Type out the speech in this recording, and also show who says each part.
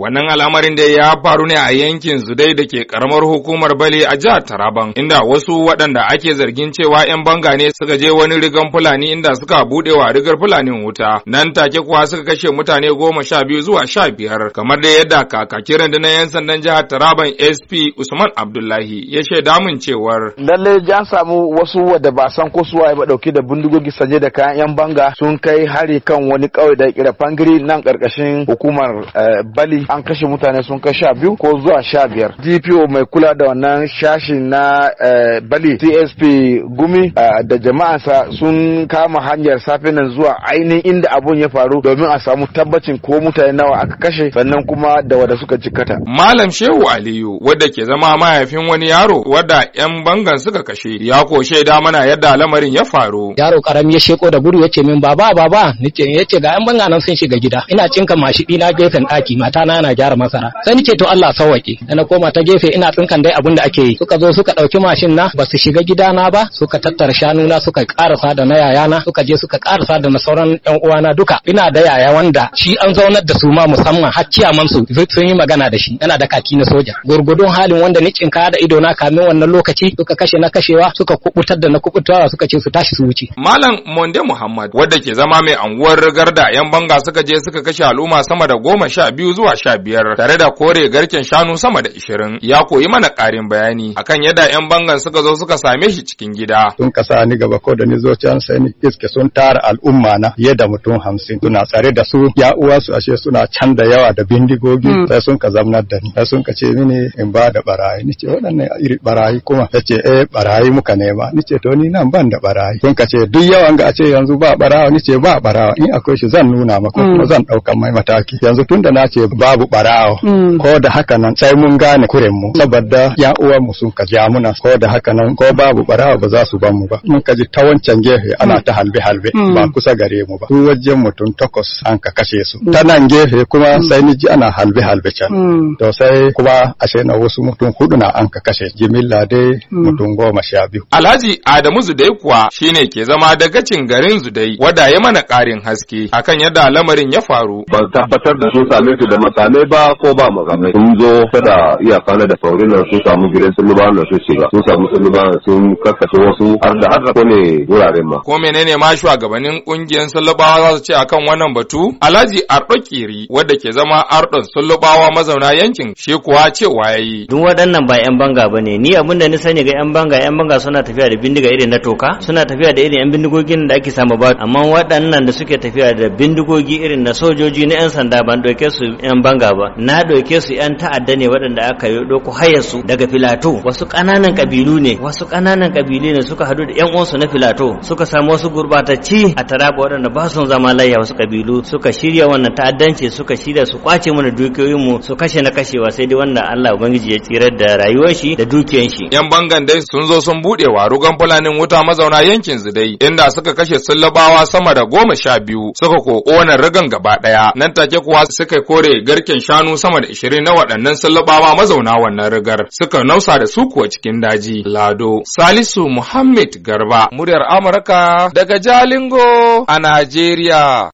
Speaker 1: Wannan al'amarin da ya faru ne a yankin Zudai da ke karamar hukumar Bale a jihar Taraban, inda wasu waɗanda ake zargin cewa 'yan banga ne suka je wani rigar Fulani inda suka buɗe wa rigar Fulanin wuta, nan take kuwa suka kashe mutane goma sha biyu zuwa sha biyar, kamar da yadda kakakin rundunar 'yan sandan jihar Taraban SP Usman Abdullahi ya shaida mun cewar. Lallai ja samu wasu wadda ba san ko suwaye ba ɗauki da bindigogi sanye da kayan 'yan banga sun kai hari kan wani ƙauye da kira Fangiri nan ƙarƙashin hukumar eh, Bali an kashe mutane sun kai sha biyu ko zuwa sha biyar dpo mai kula da wannan shashin na eh, bali tsp gumi eh, da jama'arsa sun kama hanyar safe nan zuwa ainihin inda abun ya faru domin a samu tabbacin ko mutane nawa aka kashe sannan kuma da wada suka jikata malam shehu aliyu wadda ke zama mahaifin wani yaro wadda yan bangan suka kashe ya ko shaida mana yadda lamarin ya faru
Speaker 2: yaro karami ya sheko da gudu ce min baba baba ni ce ga yan bangan sun shiga gida ina cinka mashi ina gefen ɗaki mata na ana gyara masara sai nake to Allah sauwake na koma ta gefe ina tsinkan dai abin da ake yi suka zo suka dauki mashin na ba su shiga gidana ba suka tattara shanu na suka karasa da na yayana suka je suka karasa da na sauran yan uwana duka ina da yaya wanda shi an zaunar da su ma musamman har kiyaman su sun yi magana da shi ana da kaki na soja gurgudun halin wanda ni kinka da ido na kamin wannan lokaci suka kashe na kashewa suka kubutar da na kubutawa suka ce su tashi su wuce
Speaker 1: malam monde muhammad wanda ke zama mai anguwar garda yan banga suka je suka kashe al'umma sama da goma sha biyu zuwa sha sha biyar tare da kore garken shanu sama da ishirin ya koyi mana ƙarin bayani akan yadda 'yan bangan suka zo suka same shi cikin gida.
Speaker 3: Sun kasa ni gaba ko da ni zo can sai ni iske sun tara al'umma na fiye da mutum hamsin suna tsare da su ya uwa su ashe suna can da yawa da bindigogi hmm. sai sun ka zamnar da ni sai sun ka ce mini in ba da barayi ni ce waɗannan iri barayi kuma ya ce eh barayi muka nema ni ce to ni nan ban da barayi sun ka ce duk yawan ga a ce yanzu ba barawa ni ce ba barawa in akwai shi zan nuna maka kuma hmm. zan ɗaukan mai mataki yanzu tunda na ce babu abu barawo mm. ko da haka nan sai mun gane kuren mu saboda ya uwan mu sun ka ja ko da haka nan ko babu barawo ba za su ban mu ba mun ka ji ta wancan gefe ana mm. ta halbe halbe mm. ba kusa gare mu ba su wajen mutum takwas an ka kashe su ta nan gefe kuma sai ni ji ana halbe halbe can to sai kuma ashe na wasu mutum hudu na an ka kashe jimilla dai mutum goma sha biyu
Speaker 1: alhaji adamu zudai kuwa shine ke zama dagacin garin zudai wada ya mana karin haske akan yadda lamarin ya faru
Speaker 3: ba tabbatar da su same su da matsala malamai ba ko ba malamai sun zo tada iyaka na da saurin nan sun samu gidan sun lubaran da sun shiga sun samu sun lubaran sun karkashe wasu har da har da ne wuraren ma.
Speaker 1: Ko menene ma shugabannin kungiyar sullubawa za su ce akan wannan batu? Alhaji Ardo Kiri wadda ke zama Ardon sullubawa mazauna yankin shi kuwa cewa yayi.
Speaker 2: Duk waɗannan ba 'yan banga ba ne ni abin da ni sani ga 'yan banga 'yan banga suna tafiya da bindiga irin na toka suna tafiya da irin 'yan bindigogin da ake samu ba amma waɗannan da suke tafiya da bindigogi irin na sojoji na 'yan sanda ban doke su 'yan abokan gaba na ɗauke su 'yan ta'adda ne waɗanda aka yi ɗauko hayarsu daga filato wasu ƙananan kabilu ne wasu ƙananan kabilu ne suka hadu da 'yan uwansu na filato suka samu wasu gurbatacci a taraba waɗanda ba su zama layya wasu ƙabilu suka shirya wannan ta'addanci suka shirya su kwace mana dukiyoyin mu su kashe na kashewa sai dai wanda Allah ubangiji ya tsirar da rayuwar shi da dukiyar shi 'yan bangan dai
Speaker 1: sun zo sun buɗe wa rugan fulanin wuta mazauna yankin dai inda suka kashe sullabawa sama da goma sha biyu suka ko ƙona gaba ɗaya nan take kuwa suka kore gar garken shanu sama da ishirin na waɗannan sallabawa mazauna wannan rigar suka nausa da su kuwa cikin daji. Lado Salisu Muhammad Garba, muryar Amurka daga Jalingo a Najeriya.